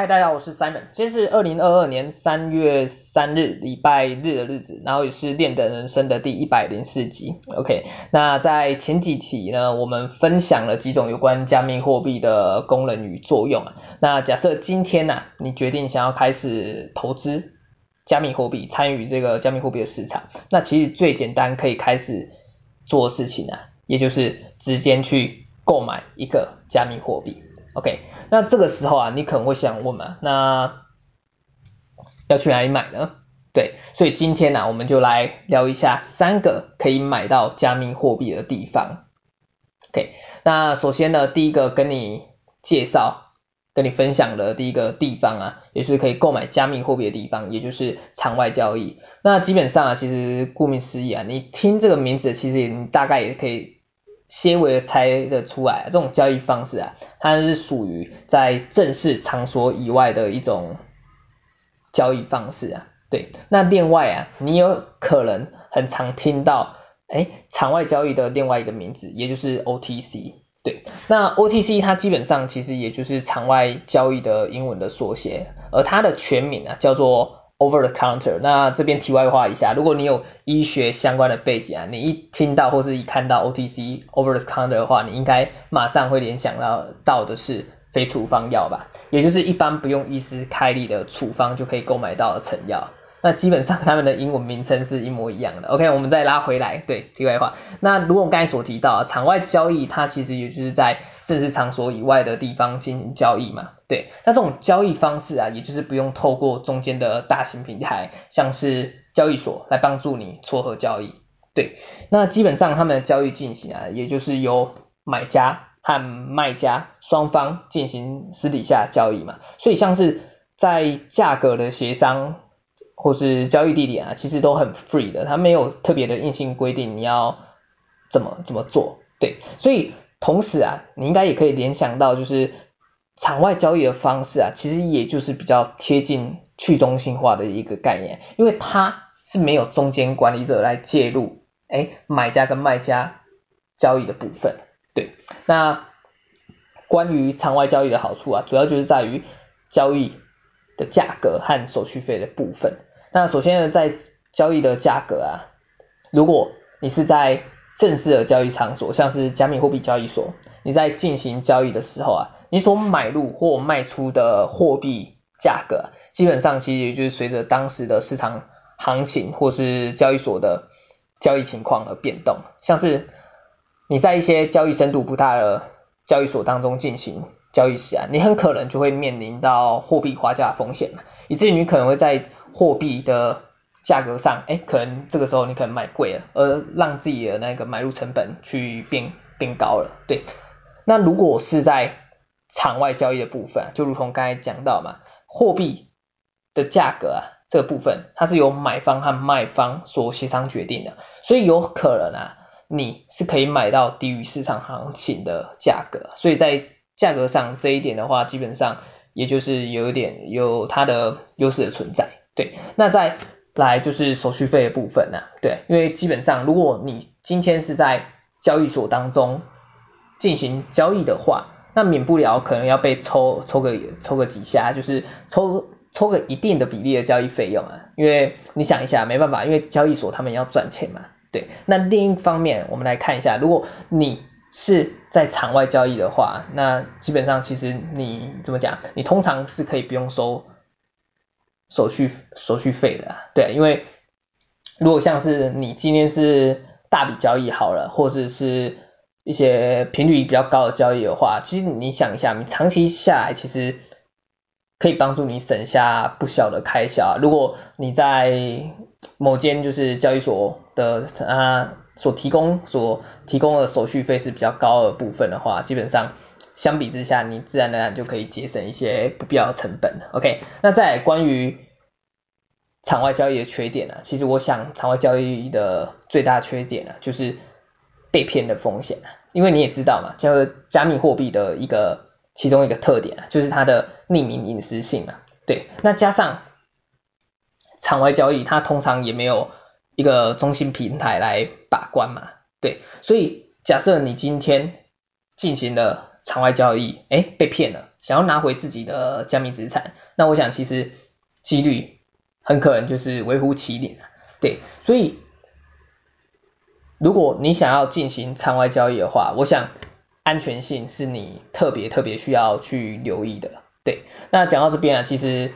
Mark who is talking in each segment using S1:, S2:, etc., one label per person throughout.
S1: 嗨大家好，我是 Simon，今天是二零二二年三月三日禮拜日的日子，然後也是《練的人生》的第一百零四集。OK，那在前幾期呢，我們分享了幾種有關加密貨幣的功能與作用啊。那假設今天啊，你決定想要開始投資加密貨幣，參與這個加密貨幣的市場，那其實最簡單可以開始做的事情啊，也就是直接去購買一個加密貨幣。OK，那這個時候啊，你可能會想問嘛，那要去哪裡買呢？對，所以今天呢、啊，我們就來聊一下三個可以買到加密貨幣的地方。OK，那首先呢，第一個跟你介紹、跟你分享的第一個地方啊，也是可以購買加密貨幣的地方，也就是場外交易。那基本上啊，其實顧名思義啊，你聽這個名字，其實你大概也可以。些微的猜得出來，這種交易方式啊，它是屬於在正式場所以外的一種交易方式啊。對，那另外啊，你有可能很常聽到，誒場外交易的另外一個名字，也就是 OTC。對，那 OTC 它基本上其實也就是場外交易的英文的縮寫，而它的全名啊叫做。Over the counter，那這邊題外話一下，如果你有醫學相關的背景啊，你一聽到或是一看到 OTC over the counter 的話，你應該馬上會聯想到到的是非處方藥吧，也就是一般不用醫師開立的處方就可以購買到的成藥。那基本上他們的英文名稱是一模一樣的。OK，我們再拉回來，對，題外話。那如果我剛才所提到啊，場外交易它其實也就是在正式場所以外的地方進行交易嘛。對，那這種交易方式啊，也就是不用透過中間的大型平台，像是交易所來幫助你撮合交易。對，那基本上他們的交易進行啊，也就是由買家和賣家雙方進行私底下交易嘛。所以像是在價格的協商。或是交易地點啊，其實都很 free 的，它沒有特別的硬性規定你要怎麼怎麼做，對，所以同時啊，你應該也可以聯想到就是場外交易的方式啊，其實也就是比較貼近去中心化的一個概念，因為它是沒有中間管理者來介入，哎，買家跟賣家交易的部分，對，那關於場外交易的好處啊，主要就是在於交易的價格和手續費的部分。那首先呢，在交易的價格啊，如果你是在正式的交易場所，像是加密貨幣交易所，你在進行交易的時候啊，你所買入或賣出的貨幣價格，基本上其實也就是隨着當時的市場行情或是交易所的交易情況而變動，像是你在一些交易深度不大的交易所當中進行。交易時啊，你很可能就會面臨到貨幣滑價風險嘛，以至於你可能會在貨幣的價格上，誒、欸，可能這個時候你可能買貴了，而讓自己的那個買入成本去變變高了，對。那如果是在場外交易的部分、啊，就如同剛才講到嘛，貨幣的價格啊這個部分，它是由買方和賣方所協商決定的，所以有可能啊，你是可以買到低於市場行情的價格，所以在價格上這一點的話，基本上也就是有一點有它的優勢的存在。對，那再來就是手續費的部分呢啊。對，因為基本上如果你今天是在交易所當中進行交易的話，那免不了可能要被抽抽個抽個幾下，就是抽抽個一定的比例的交易費用啊。因為你想一下，沒辦法，因為交易所他們要賺錢嘛。對，那另一方面我們來看一下，如果你。是在場外交易的話，那基本上其實你怎麼講，你通常是可以不用收手續手續費的，對，因為如果像是你今天是大筆交易好了，或者是,是一些頻率比較高的交易的話，其實你想一下，你長期下來其實可以幫助你省下不小的開銷。如果你在某間就是交易所的啊。所提供所提供的手續費是比較高的部分的話，基本上相比之下，你自然而然就可以節省一些不必要的成本了。OK，那在關於場外交易的缺點呢、啊，其實我想場外交易的最大缺點呢、啊，就是被騙的風險，因為你也知道嘛，加、就是、加密貨幣的一個其中一個特點啊，就是它的匿名隱私性啊，對，那加上場外交易，它通常也沒有。一個中心平台來把關嘛，對，所以假設你今天進行了場外交易，哎，被騙了，想要拿回自己的加密資產，那我想其實幾率很可能就是微乎其微，對，所以如果你想要進行場外交易的話，我想安全性是你特別特別需要去留意的，對，那講到這邊啊，其實。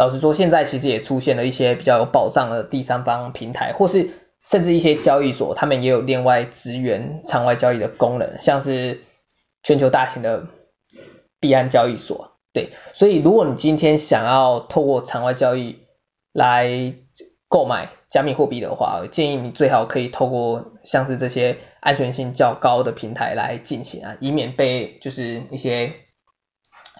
S1: 老實說，現在其實也出現了一些比較有保障的第三方平台，或是甚至一些交易所，他們也有另外支援場外交易的功能，像是全球大型的幣安交易所。對，所以如果你今天想要透過場外交易來購買加密貨幣的話，建議你最好可以透過像是這些安全性較高的平台來進行啊，以免被就是一些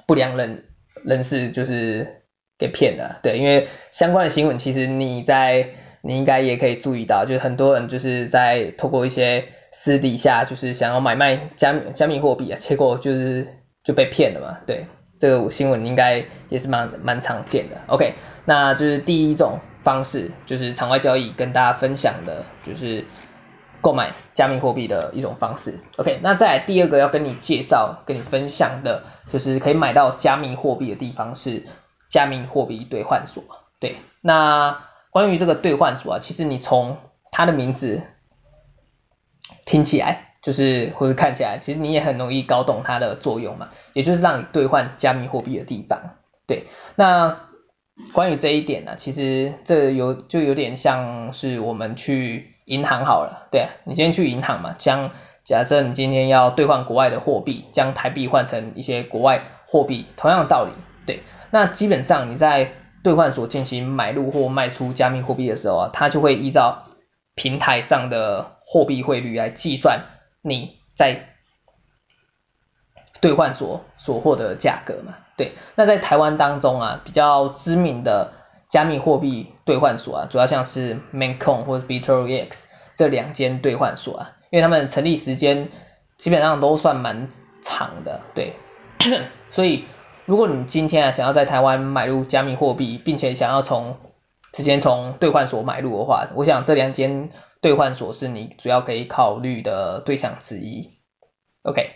S1: 不良人人士就是。被騙的，對，因為相關的新聞，其實你在你應該也可以注意到，就是很多人就是在透過一些私底下，就是想要買賣加密加密貨幣啊，結果就是就被騙了嘛，對，這個新聞應該也是蠻蠻常見的。OK，那就是第一種方式，就是場外交易跟大家分享的，就是購買加密貨幣的一種方式。OK，那再來第二個要跟你介紹、跟你分享的，就是可以買到加密貨幣的地方是。加密貨幣兌換所，對，那關於這個兌換所啊，其實你從它的名字聽起來，就是或者看起來，其實你也很容易搞懂它的作用嘛，也就是讓你兌換加密貨幣的地方，對，那關於這一點呢，其實這有就有點像是我們去銀行好了，對啊，你今天去銀行嘛，將假設你今天要兌換國外的貨幣，將台幣換成一些國外貨幣，同樣的道理。對，那基本上你在兌換所進行買入或賣出加密貨幣的時候啊，它就會依照平台上的貨幣匯率來計算你在兌換所所獲得的價格嘛。對，那在台灣當中啊，比較知名的加密貨幣兌換所啊，主要像是 MaiCoin 或者 BitoEX 這兩間兌換所啊，因為他們成立時間基本上都算蠻長的，對， 所以。如果你今天啊想要在台灣買入加密貨幣，並且想要從之前從兌換所買入的話，我想這兩間兌換所是你主要可以考慮的對象之一。OK，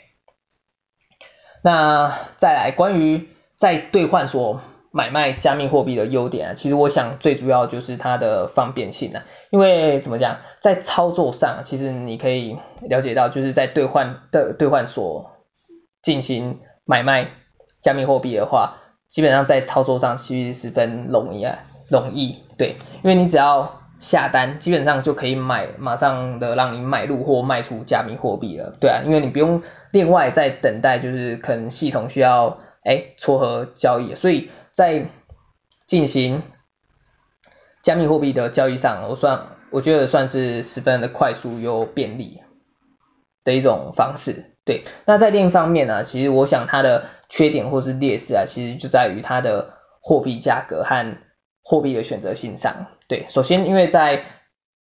S1: 那再來關於在兌換所買賣加密貨幣的優點啊，其實我想最主要就是它的方便性啊，因為怎麼講，在操作上其實你可以了解到就是在兌換的兌換所進行買賣。加密貨幣的話，基本上在操作上其實十分容易啊，容易對，因為你只要下單，基本上就可以買馬上的讓你買入或賣出加密貨幣了，對啊，因為你不用另外再等待，就是可能系統需要哎撮合交易，所以在進行加密貨幣的交易上，我算我覺得算是十分的快速又便利的一種方式，對，那在另一方面呢啊，其實我想它的。缺點或是劣勢啊，其實就在於它的貨幣價格和貨幣的選擇性上。對，首先因為在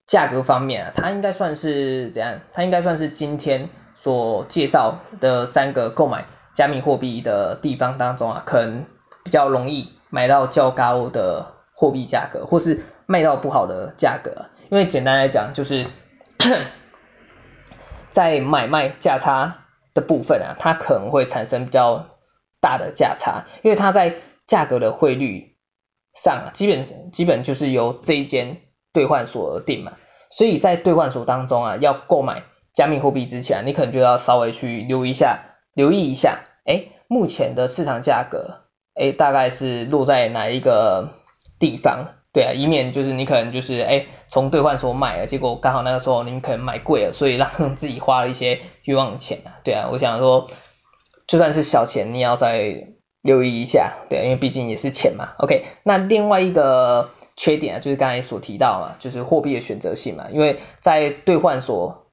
S1: 價格方面啊，它應該算是怎樣？它應該算是今天所介紹的三個購買加密貨幣的地方當中啊，可能比較容易買到較高的貨幣價格，或是賣到不好的價格啊。因為簡單來講，就是在買賣價差的部分啊，它可能會產生比較。大的價差，因為它在價格的匯率上啊，基本基本就是由這一間兌換所而定嘛。所以在兌換所當中啊，要購買加密貨幣之前、啊，你可能就要稍微去留意一下，留意一下，哎、欸，目前的市場價格，哎、欸，大概是落在哪一個地方？對啊，以免就是你可能就是哎，從兌換所買了，結果剛好那個時候你可能買貴了，所以讓自己花了一些冤枉錢啊。對啊，我想說。就算是小錢，你也要再留意一下，對，因為畢竟也是錢嘛。OK，那另外一個缺點啊，就是剛才所提到嘛，就是貨幣的選擇性嘛。因為在兌換所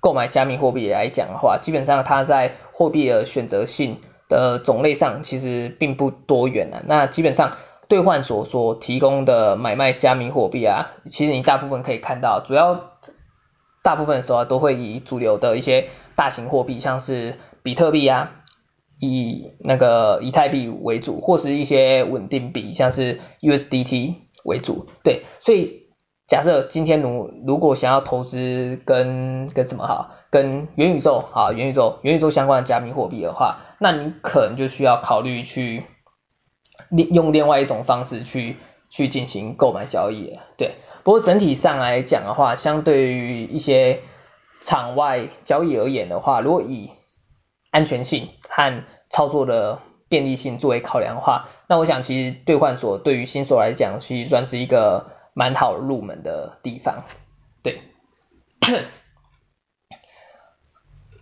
S1: 購買加密貨幣來講的話，基本上它在貨幣的選擇性的種類上其實並不多元啊。那基本上兌換所所提供的買賣加密貨幣啊，其實你大部分可以看到，主要大部分的時候，啊，都會以主流的一些大型貨幣，像是比特幣啊，以那個以太幣為主，或是一些穩定幣，像是 USDT 為主。對，所以假設今天如如果想要投資跟跟什麼哈，跟元宇宙哈，元宇宙元宇宙相關的加密貨幣的話，那你可能就需要考慮去另用另外一種方式去去進行購買交易。對，不過整體上來講的話，相對於一些場外交易而言的話，如果以安全性和操作的便利性作為考量的話，那我想其實兌換所對於新手來講，其實算是一個蠻好入門的地方。對。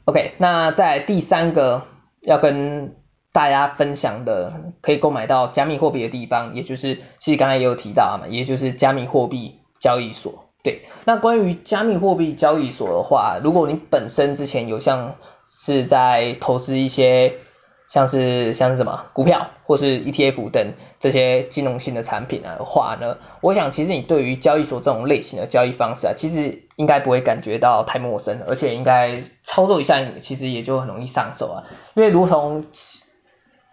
S1: OK，那在第三個要跟大家分享的，可以購買到加密貨幣的地方，也就是其實剛才也有提到嘛，也就是加密貨幣交易所。對。那關於加密貨幣交易所的話，如果你本身之前有像是在投資一些像是像是什麼股票或是 ETF 等這些金融性的產品啊的話呢，我想其實你對於交易所這種類型的交易方式啊，其實應該不會感覺到太陌生，而且應該操作一下，其實也就很容易上手啊。因為如同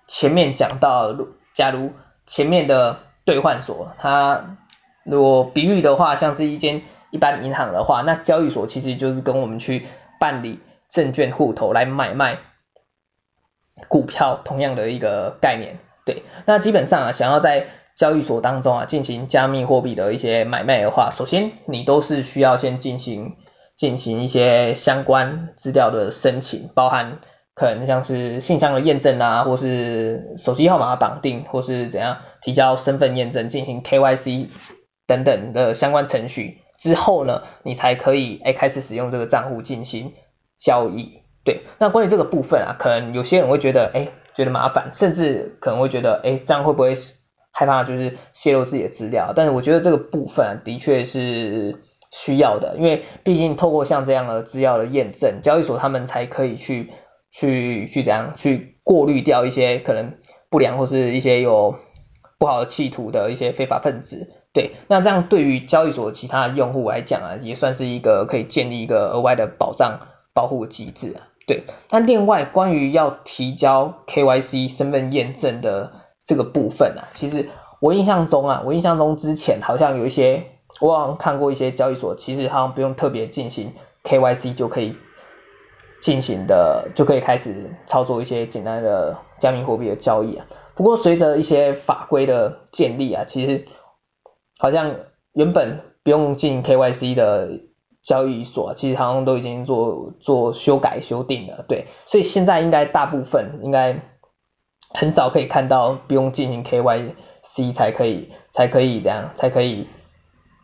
S1: 前面講到，假如前面的兌換所它如果比喻的話，像是一間一般銀行的話，那交易所其實就是跟我們去辦理。證券戶頭來買賣股票，同樣的一個概念。對，那基本上啊，想要在交易所當中啊進行加密貨幣的一些買賣的話，首先你都是需要先進行進行一些相關資料的申請，包含可能像是信箱的驗證啊，或是手機號碼的綁定，或是怎樣提交身份驗證進行 KYC 等等的相關程序之後呢，你才可以哎開始使用這個賬戶進行。交易。對，那關於這個部分啊，可能有些人會覺得，哎、欸，覺得麻煩，甚至可能會覺得，哎、欸，這樣會不會害怕？就是洩露自己的資料。但是我覺得這個部分啊，的確是需要的，因為畢竟透過像這樣的資料的驗證，交易所他們才可以去去去怎樣去過濾掉一些可能不良或是一些有不好的企圖的一些非法分子。對，那這樣對於交易所其他用戶來講啊，也算是一個可以建立一個額外的保障，保護機制啊，對。那另外關於要提交 KYC 身份驗證的這個部分啊，其實我印象中啊，我印象中之前好像有一些，我好像看過一些交易所，其實好像不用特別進行 KYC 就可以進行的，就可以開始操作一些簡單的加密貨幣的交易啊。不過隨着一些法規的建立啊，其實好像原本不用進 KYC 的。交易所啊，其實好像都已經做做修改、修訂了，對，所以現在應該大部分應該很少可以看到不用進行 KYC 才可以才可以這樣才可以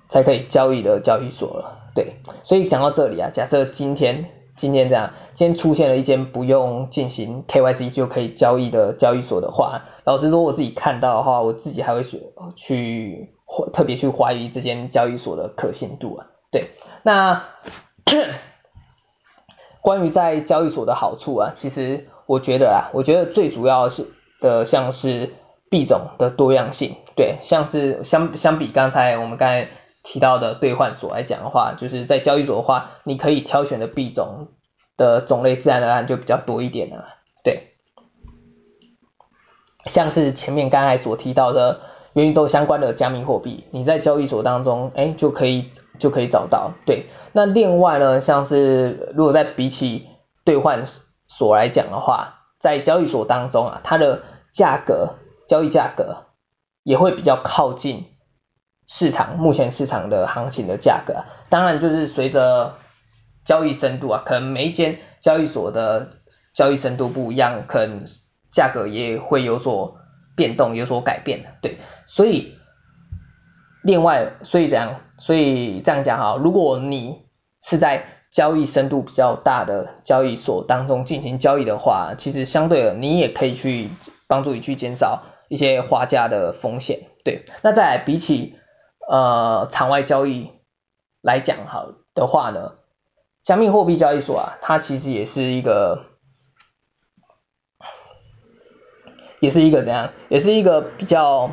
S1: 才可以交易的交易所了，對，所以講到這裡啊，假設今天今天這樣，今天出現了一間不用進行 KYC 就可以交易的交易所的話，老實說我自己看到的話，我自己還會去去特別去懷疑這間交易所的可信度啊。對，那關於在交易所的好處啊，其實我覺得啊，我覺得最主要是的像是幣種的多樣性。對，像是相相比剛才我們剛才提到的兌換所來講的話，就是在交易所的話，你可以挑選的幣種的種類自然而然就比較多一點的、啊、對，像是前面剛才所提到的元宇宙相關的加密貨幣，你在交易所當中，哎、欸，就可以。就可以找到。對，那另外呢，像是如果在比起兌換所來講的話，在交易所當中啊，它的價格、交易價格也會比較靠近市場、目前市場的行情的價格啊。當然，就是隨着交易深度啊，可能每一間交易所的交易深度不一樣，可能價格也會有所變動，有所改變，對，所以另外，所以這樣？所以這樣講哈，如果你是在交易深度比較大的交易所當中進行交易的話，其實相對的你也可以去幫助你去減少一些滑價的風險。對，那在比起呃場外交易來講好的話呢，加密貨幣交易所啊，它其實也是一個，也是一個怎樣，也是一個比較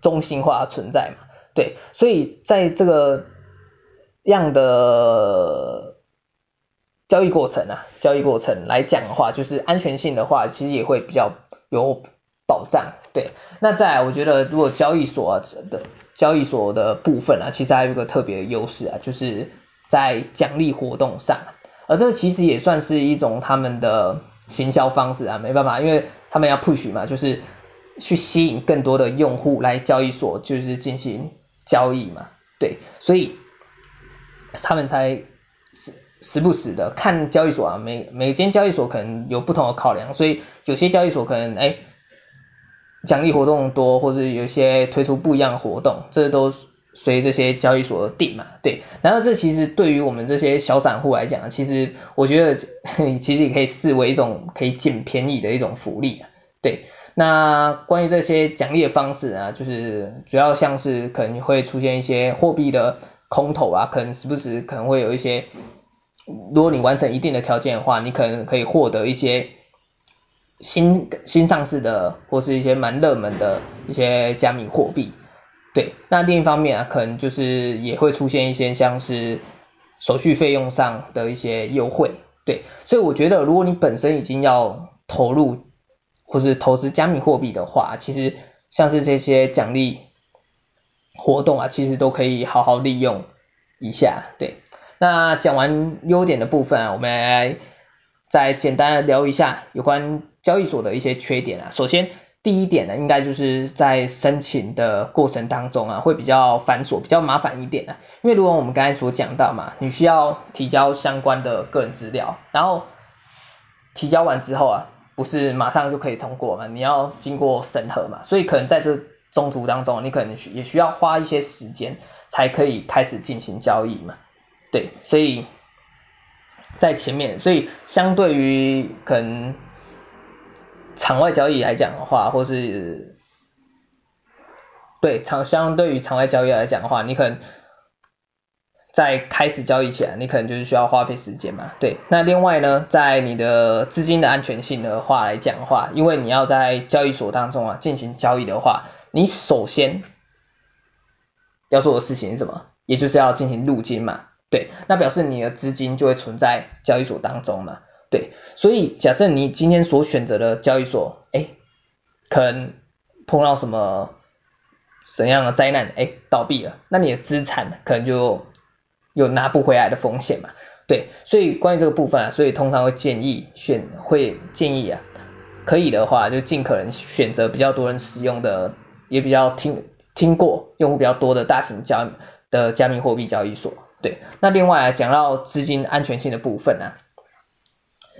S1: 中心化存在嘛。對，所以在這個樣的交易過程啊，交易過程來講的話，就是安全性的話，其實也會比較有保障。對，那再來，我覺得如果交易所的，啊、交易所的部分啊，其實還有一個特別優勢啊，就是在獎勵活動上，而這個其實也算是一種他們的行銷方式啊，沒辦法，因為他們要 push 嘛，就是去吸引更多的用戶來交易所，就是進行。交易嘛，對，所以他們才時時不時的看交易所啊，每每間交易所可能有不同的考量，所以有些交易所可能哎獎勵活動多，或者有些推出不一樣的活動，這都隨這些交易所而定嘛，對。然後這其實對於我們這些小散戶來講，其實我覺得其實也可以視為一種可以撿便宜的一種福利啊，對。那關於這些獎勵的方式啊，就是主要像是可能會出現一些貨幣的空投啊，可能時不時可能會有一些，如果你完成一定的條件的話，你可能可以獲得一些新新上市的或是一些蠻熱門的一些加密貨幣。對，那另一方面啊，可能就是也會出現一些像是手續費用上的一些優惠。對，所以我覺得如果你本身已經要投入。就是投資加密貨幣的話，其實像是這些獎勵活動啊，其實都可以好好利用一下。對，那講完優點的部分啊，我們來來再簡單的聊一下有關交易所的一些缺點啊。首先，第一點呢，應該就是在申請的過程當中啊，會比較繁瑣，比較麻煩一點啊。因為如果我們剛才所講到嘛，你需要提交相關的個人資料，然後提交完之後啊。不是馬上就可以通過嘛，你要經過審核嘛，所以可能在這中途當中，你可能需也需要花一些時間才可以開始進行交易嘛。對，所以在前面，所以相對於可能場外交易來講的話，或是對場相對於場外交易來講的話，你可能。在開始交易前，你可能就是需要花費時間嘛？對，那另外呢，在你的資金的安全性的話來講的話，因為你要在交易所當中啊進行交易的話，你首先要做的事情是什麼？也就是要進行入金嘛？對，那表示你的資金就會存在交易所當中嘛？對，所以假設你今天所選擇的交易所，哎，可能碰到什麼怎樣的災難，哎，倒閉了，那你的資產可能就。有拿不回來的風險嘛？對，所以關於這個部分啊，所以通常會建議選，會建議啊，可以的話就盡可能選擇比較多人使用的，也比較聽聽過，用戶比較多的大型交的加密貨幣交易所。對，那另外啊，講到資金安全性的部分呢，啊，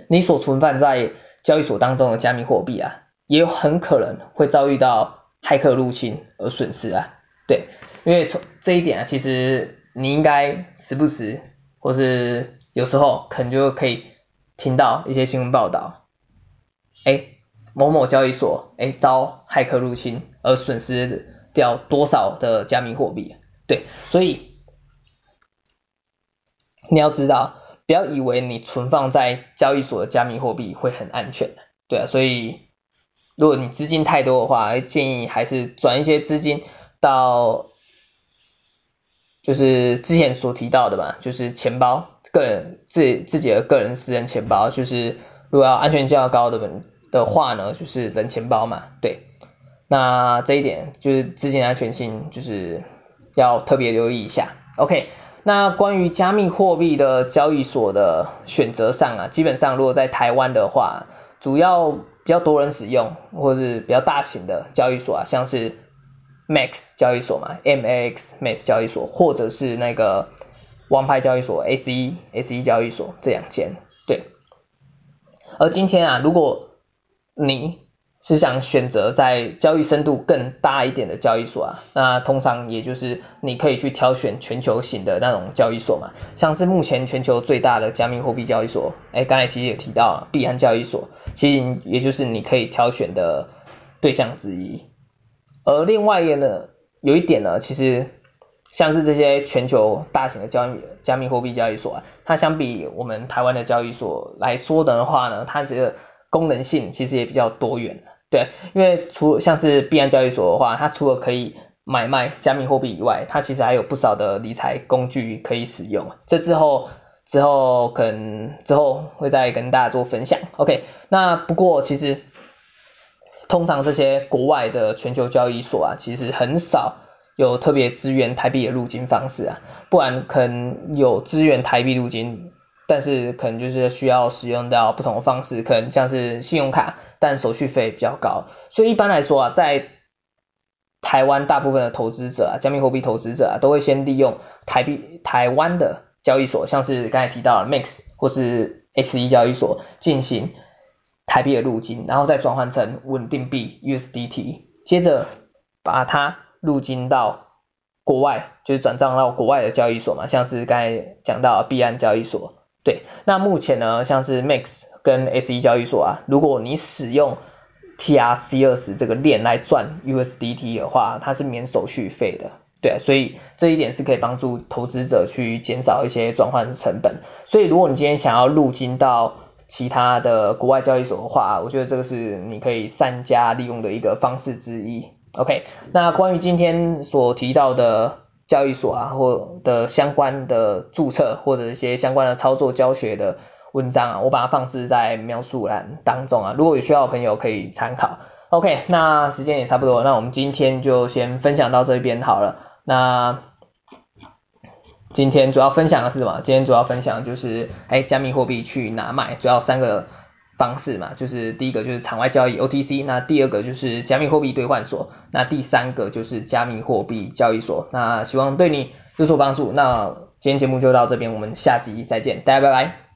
S1: 你所存放在交易所當中的加密貨幣啊，也有很可能會遭遇到駭客入侵而損失啊。對，因為從這一點啊，其實。你應該時不時，或是有時候可能就可以聽到一些新聞報道，欸，某某交易所哎，欸，遭駭客入侵而損失掉多少的加密貨幣，對，所以你要知道，不要以為你存放在交易所的加密貨幣會很安全。對啊，所以如果你資金太多的話，建議還是轉一些資金到。就是之前所提到的嘛，就是錢包個人自自己的個人私人錢包，就是如果要安全性要高的本的話呢，就是冷錢包嘛，對。那這一點就是資金安全性，就是要特別留意一下。OK，那關於加密貨幣的交易所的選擇上啊，基本上如果在台灣的話，主要比較多人使用或者是比較大型的交易所啊，像是。Max 交易所嘛，Max Max 交易所，或者是那個王牌交易所 ACE ACE 交易所這兩間，對。而今天啊，如果你是想選擇在交易深度更大一點的交易所啊，那通常也就是你可以去挑選全球型的那種交易所嘛，像是目前全球最大的加密貨幣交易所，哎，剛才其實也提到了啊，幣安交易所，其實也就是你可以挑選的對象之一。而另外一個呢，有一點呢，其實像是這些全球大型的交易加密貨幣交易所啊，它相比我們台灣的交易所來說的話呢，它其實功能性其實也比較多元，對，因為除像是幣安交易所的話，它除了可以買賣加密貨幣以外，它其實還有不少的理財工具可以使用，這之後之後可能之後會再跟大家做分享，OK？那不過其實。通常這些國外的全球交易所啊，其實很少有特別支援台幣的入金方式啊，不然可能有支援台幣入金，但是可能就是需要使用到不同的方式，可能像是信用卡，但手續費比較高，所以一般來說啊，在台灣大部分的投資者啊，加密貨幣投資者啊，都會先利用台幣台灣的交易所，像是剛才提到的 MAX 或是 ACE 交易所進行。台幣的入金，然後再轉換成穩定幣 USDT，接着把它入金到國外，就是轉賬到國外的交易所嘛，像是剛才講到幣安交易所。對，那目前呢，像是 Mix 跟 SE 交易所啊，如果你使用 TRC 二十這個鏈來賺 USDT 的話，它是免手續費的。對、啊，所以這一點是可以幫助投資者去減少一些轉換成本。所以如果你今天想要入金到其他的國外交易所的話，我覺得這個是你可以善加利用的一個方式之一。OK，那關於今天所提到的交易所啊，或的相關的註冊或者一些相關的操作教學的文章啊，我把它放置在描述欄當中啊，如果有需要的朋友可以參考。OK，那時間也差不多了，那我們今天就先分享到這邊好了。那今天主要分享的是什麼？今天主要分享就是，哎、欸，加密貨幣去哪買？主要三個方式嘛，就是第一個就是場外交易 OTC，那第二個就是加密貨幣兌換所，那第三個就是加密貨幣交易所。那希望對你有所幫助。那今天節目就到這邊，我們下集再見，大家拜拜。